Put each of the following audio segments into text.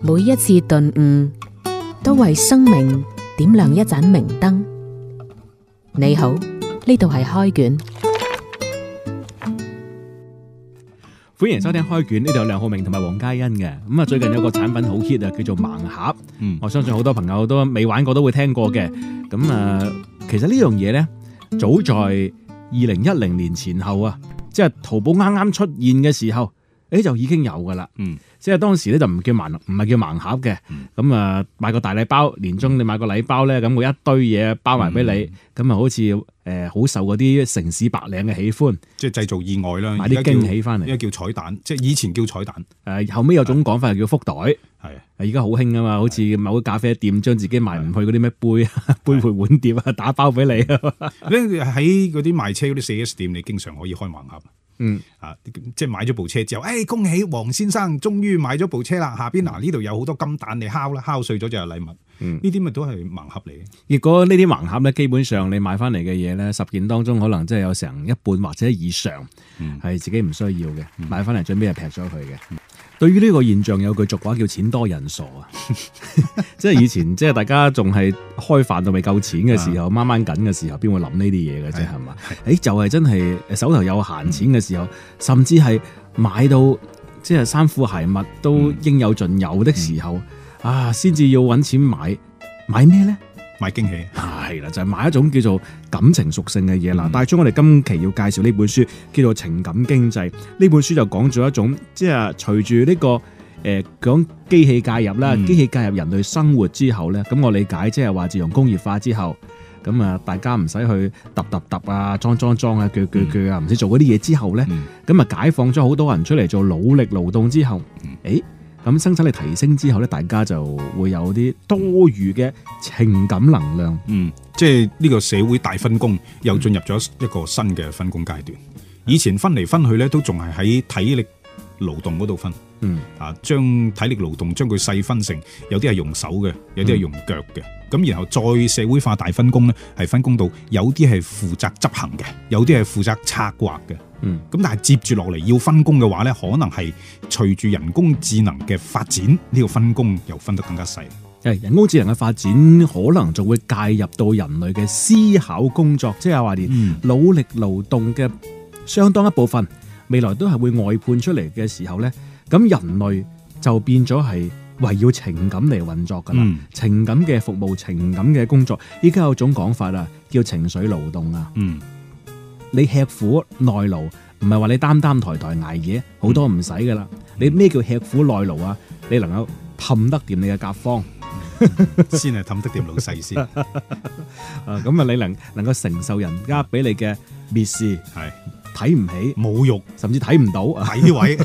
每一次頓悟，都為生命點亮一盞明燈。你好，呢度係開卷，歡迎收聽開卷。呢度有梁浩明同埋黃嘉欣嘅。咁啊，最近有個產品好 hit 啊，叫做盲盒。嗯，我相信好多朋友都未玩過都會聽過嘅。咁啊，其實呢樣嘢呢，早在二零一零年前後啊，即係淘寶啱啱出現嘅時候。呢、哎、就已經有噶啦，嗯，即係當時咧就唔叫盲唔係叫盲盒嘅，咁、嗯、啊，買個大禮包，年終你買個禮包咧，咁會一堆嘢包埋俾你，咁、嗯、啊好似誒，好受嗰啲城市白領嘅喜歡，即係製造意外啦，買啲驚喜翻嚟，而家叫，叫彩蛋，即係以前叫彩蛋，誒、啊、後尾有種講法又叫福袋，係，而家好興啊嘛，好似某個咖啡店將自己賣唔去嗰啲咩杯杯盤碗碟啊打包俾你。 你喺嗰啲賣車嗰啲四 S 店，你經常可以開盲盒。嗯，啊，即係買咗部車之後，誒、哎，恭喜黃先生終於買咗部車啦！下邊嗱呢度有好多金蛋你敲啦，敲碎咗就係禮物。嗯，呢啲咪都係盲盒嚟嘅。結果呢啲盲盒咧，基本上你買翻嚟嘅嘢咧，十件當中可能即係有成一半或者以上係、嗯、自己唔需要嘅，買翻嚟最尾係劈咗佢嘅。嗯對於呢個現象，有句俗話叫錢多人傻啊，即 係 以前即係大家仲,係開飯都未夠錢嘅時候，掹掹緊嘅時候，邊會諗呢啲嘢嘅啫，係嘛？誒，就係真係手頭有閒錢嘅時候，甚至係買到即係衫褲鞋襪都應有盡有的時候，啊，先至要搵錢買買咩呢？買驚喜係啦，就係、是、買一種叫做感情屬性嘅嘢啦。帶、嗯、出我哋今期要介紹呢本書，叫做《情感經濟》呢本書就講咗一種，即係隨住呢個誒講機器介入啦，機、嗯、器介入人類生活之後咧，咁我理解即係話，自從工業化之後，咁啊大家唔使去揼揼揼啊，裝裝裝啊，鋸鋸鋸啊，唔、嗯、使做嗰啲嘢之後咧，咁、嗯、啊解放咗好多人出嚟做腦力勞動之後，誒、嗯。欸咁生產力提升之後咧，大家就會有啲多餘嘅情感能量。嗯，即係呢個社會大分工又進入咗一個新嘅分工階段。嗯、以前分嚟分去咧，都仲係喺體力勞動嗰度分。嗯，啊，將體力勞動將佢細分成，有啲係用手嘅，有啲係用腳嘅。咁、嗯、然後再社會化大分工咧，係分工到有啲係負責執行嘅，有啲係負責策劃嘅。嗯，咁但係接住落嚟要分工嘅話咧，可能係隨住人工智能嘅發展，呢、這個分工又分得更加細。人工智能嘅發展，可能就會介入到人類嘅思考工作，即係話連努力勞動嘅相當一部分，嗯、未來都係會外判出嚟嘅時候咧，咁人類就變咗係圍繞情感嚟運作㗎喇、嗯。情感嘅服務，情感嘅工作，依家有一種講法啦，叫情緒勞動啊。嗯。你吃苦耐勞，唔係話你擔擔抬抬挨嘢，好、嗯、多唔使噶啦。你咩叫吃苦耐勞啊？你能夠氹得掂你嘅甲方， 先係氹得掂老細先。誒，咁啊，你能能夠承受人家俾你嘅蔑視、係睇唔起、侮辱，甚至睇唔到、睇 位，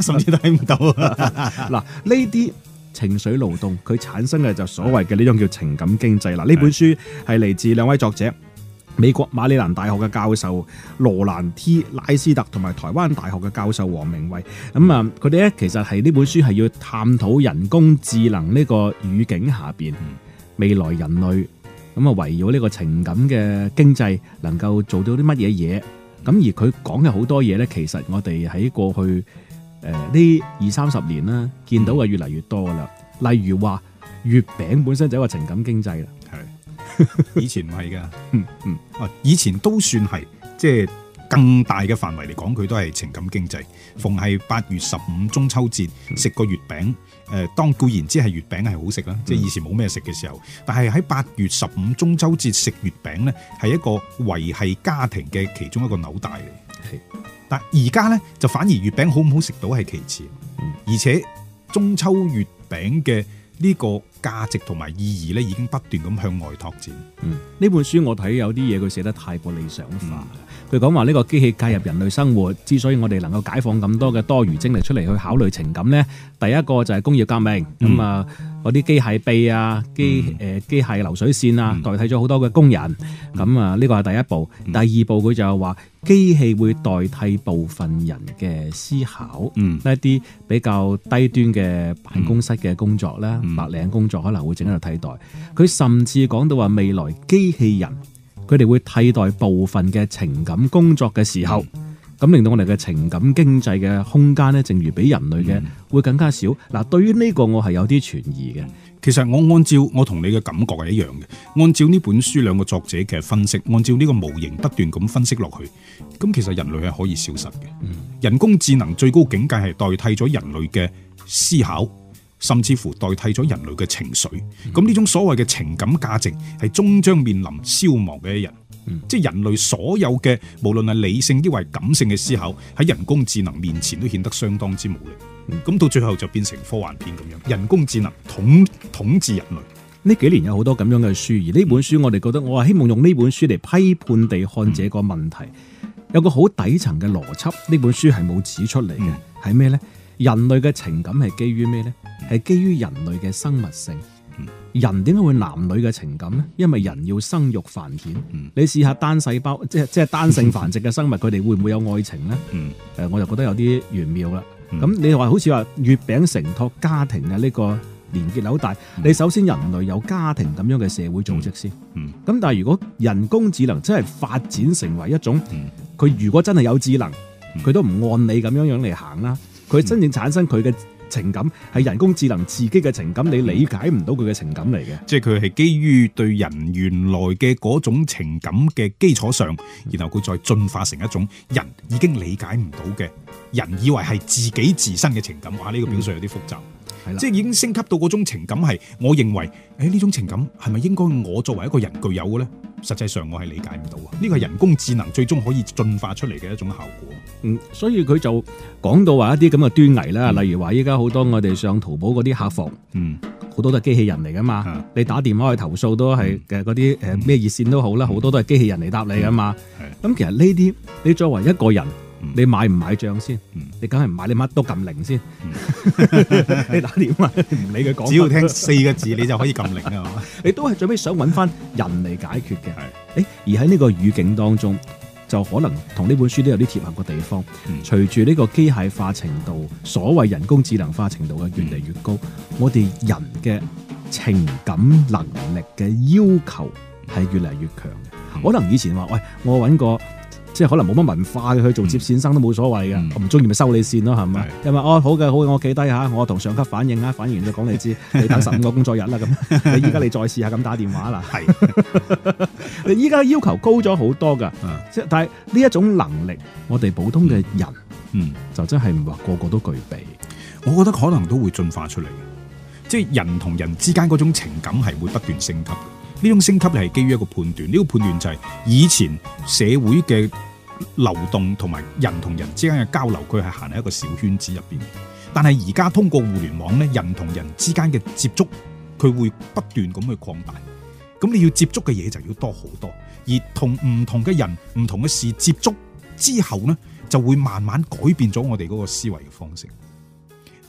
甚至睇唔到。嗱，呢啲情緒勞動，佢產生嘅就所謂嘅呢種叫情感經濟。嗱，呢本書係嚟自兩位作者。美國馬里蘭大學嘅教授羅蘭 T 拉斯特同埋台灣大學嘅教授王明慧，咁啊佢哋咧其實係呢本書係要探討人工智能呢個語境下邊、嗯、未來人類咁啊圍繞呢個情感嘅經濟能夠做到啲乜嘢嘢，咁而佢講嘅好多嘢咧，其實我哋喺過去誒呢二三十年啦，見到嘅越嚟越多噶啦、嗯，例如話月餅本身就係一個情感經濟啦。以前唔係噶，嗯嗯，啊，以前都算係，即係更大嘅範圍嚟講，佢都係情感經濟。逢係八月十五中秋節食、嗯、個月餅，誒、呃，當固然之係月餅係好食啦、嗯，即係以前冇咩食嘅時候。但係喺八月十五中秋節食月餅呢，係一個維繫家庭嘅其中一個紐帶嚟。係，但而家呢，就反而月餅好唔好食到係其次、嗯，而且中秋月餅嘅呢個。價值同埋意義咧，已經不斷咁向外拓展。嗯，呢本書我睇有啲嘢佢寫得太過理想化。佢講話呢個機器介入人類生活，嗯，之所以我哋能夠解放咁多嘅多餘精力出嚟去考慮情感呢，第一個就係工業革命。咁啊。嗯嗰啲機械臂啊，機誒機械流水線啊，嗯、代替咗好多嘅工人，咁啊呢個係第一步。嗯、第二步佢就話機器會代替部分人嘅思考，嗯、一啲比較低端嘅辦公室嘅工作啦，嗯、白領工作可能會整喺度替代。佢、嗯、甚至講到話未來機器人佢哋會替代部分嘅情感工作嘅時候。嗯咁令到我哋嘅情感經濟嘅空間呢，正如比人類嘅會更加少。嗱，對於呢個我係有啲存疑嘅。其實我按照我同你嘅感覺係一樣嘅。按照呢本書兩個作者嘅分析，按照呢個模型不斷咁分析落去，咁其實人類係可以消失嘅。人工智能最高境界係代替咗人類嘅思考，甚至乎代替咗人類嘅情緒。咁呢種所謂嘅情感價值係終將面臨消亡嘅一日。嗯、即係人類所有嘅，無論係理性抑或感性嘅思考，喺人工智能面前都顯得相當之無力。咁、嗯、到最後就變成科幻片咁樣。人工智能統統治人類。呢幾年有好多咁樣嘅書，而呢本書我哋覺得，我係希望用呢本書嚟批判地看這個問題。嗯、有個好底層嘅邏輯，呢本書係冇指出嚟嘅，係、嗯、咩呢？人類嘅情感係基於咩呢？係基於人類嘅生物性。人點解會男女嘅情感呢？因為人要生育繁衍、嗯。你試下單細胞，即係即係單性繁殖嘅生物，佢 哋會唔會有愛情呢？誒、嗯，我就覺得有啲玄妙啦。咁、嗯、你話好似話月餅承托家庭嘅呢個連結好大、嗯。你首先人類有家庭咁樣嘅社會組織先。咁、嗯嗯、但係如果人工智能真係發展成為一種，佢、嗯、如果真係有智能，佢、嗯、都唔按你咁樣樣嚟行啦。佢、嗯、真正產生佢嘅。情感係人工智能自己嘅情感，你理解唔到佢嘅情感嚟嘅，即係佢係基於對人原來嘅嗰種情感嘅基礎上，然後佢再進化成一種人已經理解唔到嘅，人以為係自己自身嘅情感。哇、啊，呢、這個表述有啲複雜，嗯、是，即係已經升級到嗰種情感係，我認為，誒、欸、呢種情感係咪應該我作為一個人具有嘅呢？實際上我係理解唔到啊，呢個人工智能最終可以進化出嚟嘅一種效果。嗯，所以佢就講到話一啲咁嘅端倪啦，嗯，例如話依家好多我哋上淘寶嗰啲客服，嗯，好多都係機器人嚟噶嘛的。你打電話去投訴都係嘅嗰啲誒咩熱線都好啦，好，嗯，多都係機器人嚟答你噶嘛。咁其實呢啲你作為一個人。你買唔買賬先？嗯、你梗係唔買，你乜都撳零先？你打電話唔理佢講，只要聽四個字你就可以撳零啊！ 你都係最尾想揾翻人嚟解決嘅。誒，而喺呢個語境當中，就可能同呢本書都有啲貼合嘅地方。隨住呢個機械化程度、所謂人工智能化程度嘅越嚟越高，我哋人嘅情感能力嘅要求係越嚟越強。可能以前話喂，我揾個。即係可能冇乜文化嘅，去做接線生都冇所謂嘅、嗯，我唔中意咪收你線咯，係咪？又話哦，好嘅好嘅，我企低下，我同上級反映下，反映完就講你知，你等十五個工作日啦咁。 你依家你再試下咁打電話啦。係，你依家要求高咗好多噶，即係但係呢一種能力，我哋普通嘅人，嗯，就真係唔話個個都具備。我覺得可能都會進化出嚟嘅。即係人同人之間嗰種情感係會不斷升級。呢種升級咧係基於一個判斷，呢個判斷就係以前社會嘅流動同埋人同人之間嘅交流，佢係行喺一個小圈子入邊。但係而家通過互聯網咧，人同人之間嘅接觸，佢會不斷咁去擴大。咁你要接觸嘅嘢就要多好多，而同唔同嘅人、唔同嘅事接觸之後呢就會慢慢改變咗我哋嗰個思維嘅方式，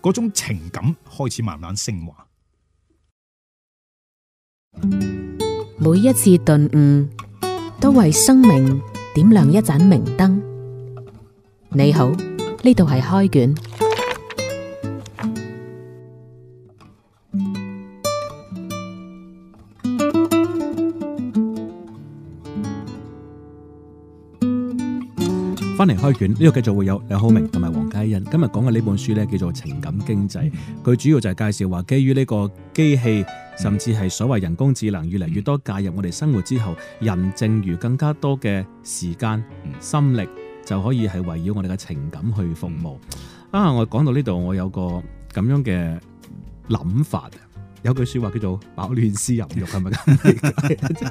嗰種情感開始慢慢升華。每一次頓悟，都為生命點亮一盞明燈。你好，呢度係開卷。翻嚟開卷，呢度繼續會有梁浩明同埋黃佳欣。今日講嘅呢本書呢，叫做《情感經濟》，佢主要就係介紹話，基於呢個機器甚至係所謂人工智能越嚟越多介入我哋生活之後，人剩餘更加多嘅時間、心力，就可以係圍繞我哋嘅情感去服務。啊，我講到呢度，我有個咁樣嘅諗法，有句說話叫做飽暖思淫欲，係咪咁？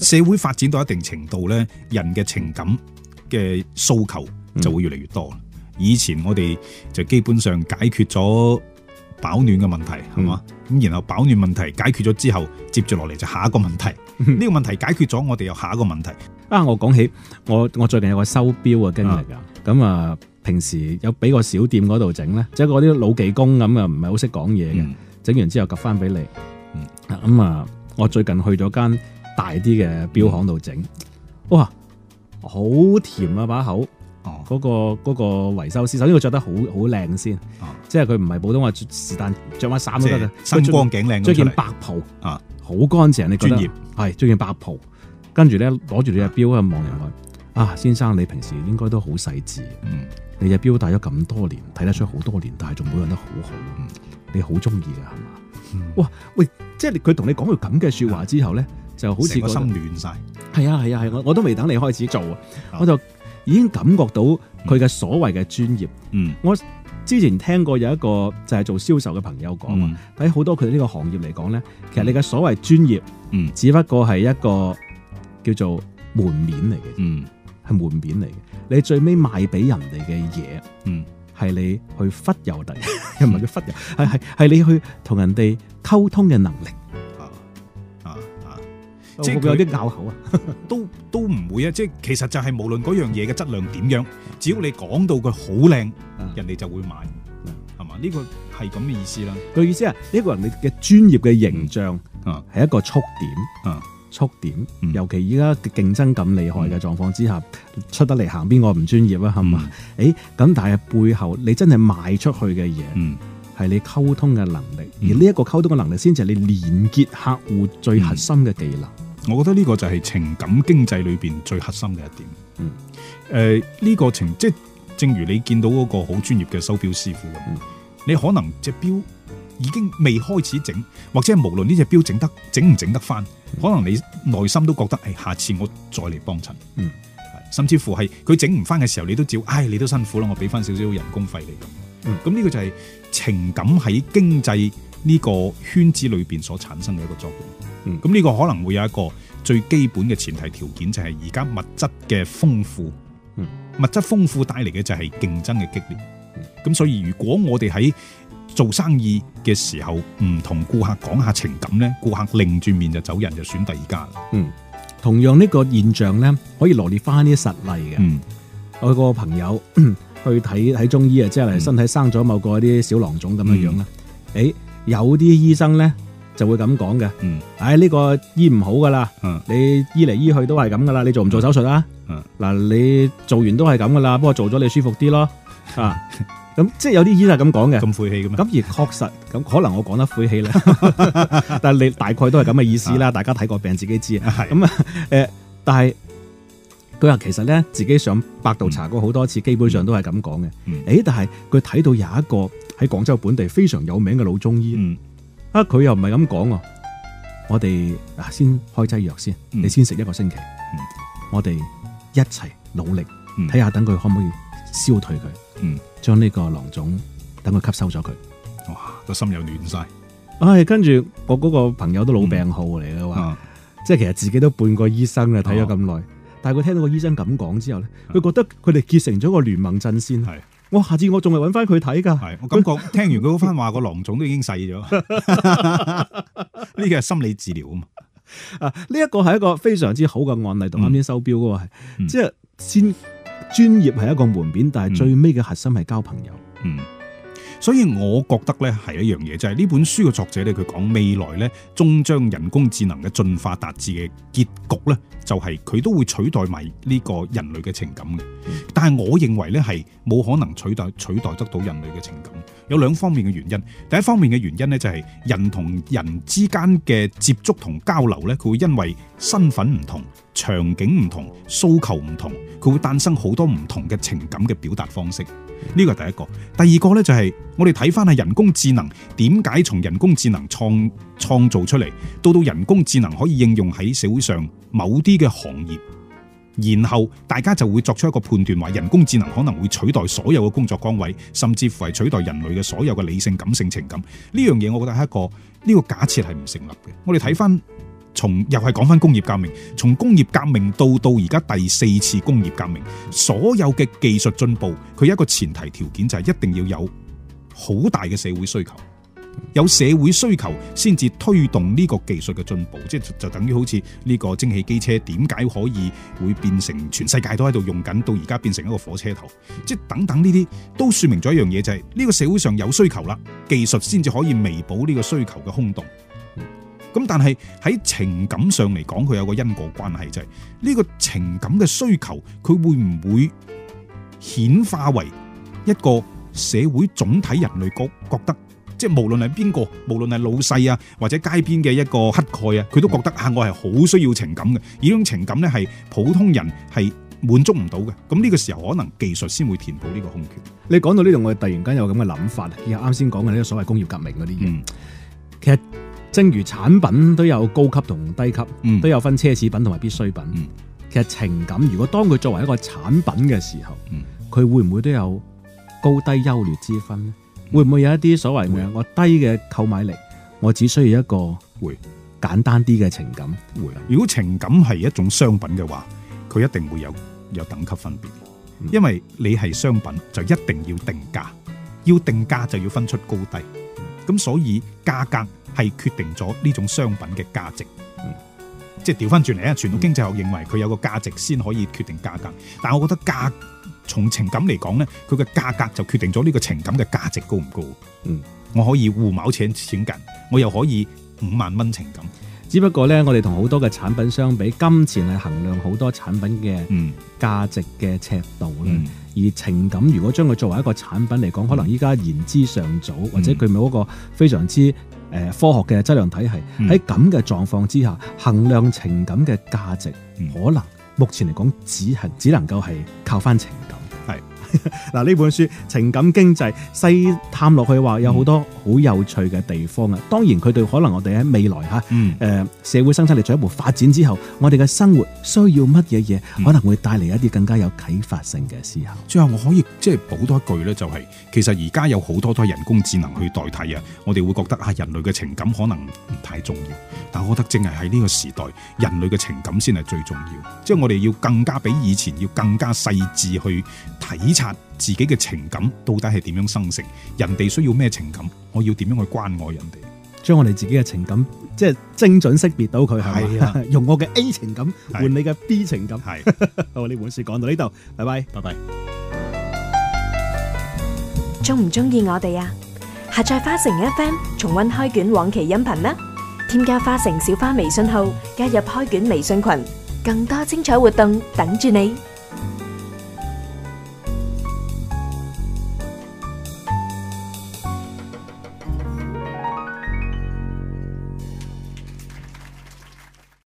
社會發展到一定程度呢，人嘅情感嘅訴求就會越嚟越多啦，嗯。以前我哋就基本上解決咗保暖嘅問題，係嘛，咁，然後保暖問題解決咗之後，接住落嚟就下一個問題。呢、嗯、個問題解決咗，我哋又下一個問題。啊，我講起我我最近有個修表嘅經歷啊。咁、嗯、啊，平時有俾個小店嗰度整咧，即係嗰啲老技工咁啊，唔係好識講嘢嘅。整、嗯、完之後夾翻俾你。咁、嗯嗯、啊，我最近去咗間大啲嘅表行度整，嗯、哇！好甜啊！把口，嗰、哦嗰個嗰、嗰個維修師，首先佢着得好好靚先，即係佢唔係普通話是但着返衫都得嘅，身光頸靚，着件白袍啊，好乾淨，你專業係，着件白袍，跟住咧攞住你隻表啊望人去，啊,啊先生，你平時應該都好細致，嗯，你隻表戴咗咁多年，睇得出好多年，但係仲保養得好好，嗯、你好中意嘅係嘛？哇喂，即係佢同你講句咁嘅說話之後咧。嗯啊就好似、那個、個心亂晒，係啊係啊係，我、啊、我都未等你開始做，啊，我就已經感覺到佢嘅所謂嘅專業。嗯，我之前聽過有一個就係做銷售嘅朋友講啊，喺、嗯、好多佢哋呢個行業嚟講咧，其實你嘅所謂專業、嗯，只不過係一個叫做門面嚟嘅，嗯，係門面嚟嘅。你最尾賣俾人哋嘅嘢，嗯，係你去忽悠第，又唔係叫忽悠，係係係你去同人哋溝通嘅能力。即係佢有啲拗口啊，都都唔會啊！即係其實就係無論嗰樣嘢嘅質量點樣，只要你講到佢好靚，嗯、人哋就會買，係、嗯、嘛？呢、呢個係咁嘅意思啦。佢意思係呢、呢個人你嘅專業嘅形象，係一個觸點，觸、嗯啊、點、嗯。尤其依家競爭咁厲害嘅狀況之下，嗯、出得嚟行邊個唔專業啊？係嘛？誒、嗯，咁、欸、但係背後你真係賣出去嘅嘢。嗯係你溝通嘅能力，而呢一個溝通嘅能力，先至係你連結客戶最核心嘅技能、嗯。我覺得呢個就係情感經濟裏邊最核心嘅一點。誒、嗯，呢、呃這個情即正如你見到嗰個好專業嘅收表師傅、嗯，你可能隻表已經未開始整，或者係無論呢隻表整得整唔整得翻、嗯，可能你內心都覺得，誒、哎，下次我再嚟幫襯。嗯，甚至乎係佢整唔翻嘅時候，你都照，唉、哎，你都辛苦啦，我俾翻少少人工費你。咁、嗯、呢個就係情感喺經濟呢個圈子裏邊所產生嘅一個作用、嗯。咁、這、呢個可能會有一個最基本嘅前提條件就係而家物質嘅豐富、嗯。物質豐富帶嚟嘅就係競爭嘅激烈。咁、嗯、所以如果我哋喺做生意嘅時候唔同顧客講下情感呢，顧客擰轉面就走人，就選第二家啦。嗯，同樣呢個現象呢，可以羅列翻呢啲實例嘅、嗯。我個朋友。 去睇睇中醫啊，即係嚟身體生咗某個啲小囊腫咁嘅樣啦、嗯。誒，有啲醫生咧就會咁講嘅，誒、嗯、呢、哎這個醫唔好噶啦、嗯，你醫嚟醫去都係咁噶啦，你做唔做手術、啊嗯嗯、啦？嗱，你做完都係咁噶啦，不過做咗你舒服啲咯、嗯。啊，咁即係有啲醫生係咁講嘅，咁、 嗯、晦氣噶嘛？咁而確實咁，可能我講得晦氣咧， 但係你大概都係咁嘅意思啦、啊。大家睇個病自己知啊，係咁啊，誒、嗯呃，但係。佢話其實咧，自己上百度查過好多次、嗯，基本上都係咁講嘅。誒、嗯，但係佢睇到有一個喺廣州本地非常有名嘅老中醫，嗯、啊，佢又唔係咁講喎。我哋嗱先開劑藥先、嗯，你先食一個星期，嗯、我哋一齊努力睇下，等、嗯、佢可唔可以消退佢，將、嗯、呢個囊腫等佢吸收咗佢。哇，個心又暖晒。唉、哎，跟住我嗰個朋友都老病號嚟嘅話，即、嗯、係、嗯就是、其實自己都半個醫生啦，睇咗咁耐。哦。但係佢聽到個醫生咁講之後咧，佢覺得佢哋結成咗個聯盟陣線。係，我下次我仲係揾翻佢睇㗎。係，我感覺他聽完佢嗰番話， 那個囊腫都已經細咗。呢個係心理治療啊嘛。啊，呢、這、一個係一個非常之好嘅案例，同啱先收標嗰個係，即係先專業係一個門面、嗯，但係最尾嘅核心係交朋友。嗯。所以我覺得咧係一樣嘢，就係呢本書嘅作者咧，佢講未來咧，終將人工智能嘅進化達至嘅結局呢，就係佢都會取代埋呢個人類嘅情感嘅。但係我認為呢，係冇可能取代取代得到人類嘅情感。有兩方面嘅原因。第一方面嘅原因呢，就係人同人之間嘅接觸同交流呢，佢會因為身份唔同，場景唔同，訴求唔同，佢會誕生好多唔同嘅情感嘅表達方式。呢個係第一個。第二個呢，就是，就係我哋睇翻係人工智能點解從人工智能創，創造出嚟，到到人工智能可以應用喺社會上某啲嘅行業，然後大家就會作出一個判斷，話人工智能可能會取代所有嘅工作崗位，甚至乎係取代人類嘅所有嘅理性、感性、情感。呢樣嘢我覺得係一個呢、呢個假設係唔成立嘅。我哋睇翻。從又係講翻工業革命，從工業革命到到而家第四次工業革命，所有嘅技術進步，佢一個前提條件就係一定要有好大嘅社會需求，有社會需求先至推動呢個技術嘅進步，即就等於好似呢個蒸汽機車點解可以會變成全世界都喺度用緊，到而家變成一個火車頭，即等等呢啲都說明咗一樣嘢，就係呢個社會上有需求啦，技術先至可以彌補呢個需求嘅空洞。咁但係喺情感上嚟講，佢有個因果關係就係、是、呢個情感嘅需求，佢會唔會顯化為一個社會總體人類覺覺得，即係無論係邊個，無論係老細啊，或者街邊嘅一個乞丐啊，佢都覺得啊，我係好需要情感嘅，而呢種情感咧係普通人係滿足唔到嘅。咁呢個時候可能技術先會填補呢個空缺。你講到呢度，我突然間有咁嘅諗法，又啱先講嘅呢個所謂工業革命嗰啲嘢，嗯、其實。正如產品都有高級同低級、嗯，都有分奢侈品同埋必需品、嗯。其實情感如果當佢作為一個產品嘅時候，佢、嗯、會唔會都有高低優劣之分呢、嗯？會唔會有一啲所謂嘅我低嘅購買力，我只需要一個簡單啲嘅情感？會。如果情感係一種商品嘅話，佢一定會有有等級分別，嗯、因為你係商品就一定要定價，要定價就要分出高低。咁、嗯、所以價格。係決定咗呢種商品嘅價值、嗯即是來，即係調返轉嚟啊！傳統經濟學認為佢有個價值先可以決定價格，但係我覺得價從情感嚟講呢，佢嘅價格就決定咗呢個情感嘅價值高唔高。嗯，我可以互毆錢錢緊，我又可以五萬蚊情感。只不過呢，我哋同好多嘅產品相比，金錢係衡量好多產品嘅價值嘅尺度咧。嗯、而情感如果將佢作為一個產品嚟講，可能依家言之尚早，或者佢冇一個非常之。誒科學嘅質量體系喺咁嘅狀況之下，衡量情感嘅價值，可能目前嚟講只係只能夠係靠翻情感。嗱 呢本書情感經濟細探落去話有好多好有趣嘅地方啊，嗯！當然佢對可能我哋喺未來、嗯、社會生產力進一步發展之後，嗯、我哋嘅生活需要乜嘢嘢，可能會帶嚟一啲更加有啟發性嘅思考。最後我可以即係補多一句咧，就係、是、其實而家有好多都係人工智能去代替啊！我哋會覺得啊，人類嘅情感可能唔太重要，但我覺得正係喺呢個時代，人類嘅情感先係最重要。即、就、係、是、我哋要更加比以前要更加細緻去體自己嘅情感到底係點樣生成？人哋需要咩情感？我要點樣去關愛人哋？將我哋自己嘅情感即係精準識別到佢係嘛？用我嘅 A 情感換你嘅 B 情感。係，我呢本書講到呢度，拜拜，拜拜。中唔中意我哋啊？下載花城 FM 重溫開卷往期音頻啦！添加花城小花微信號加入開卷微信群，更多精彩活動等住你。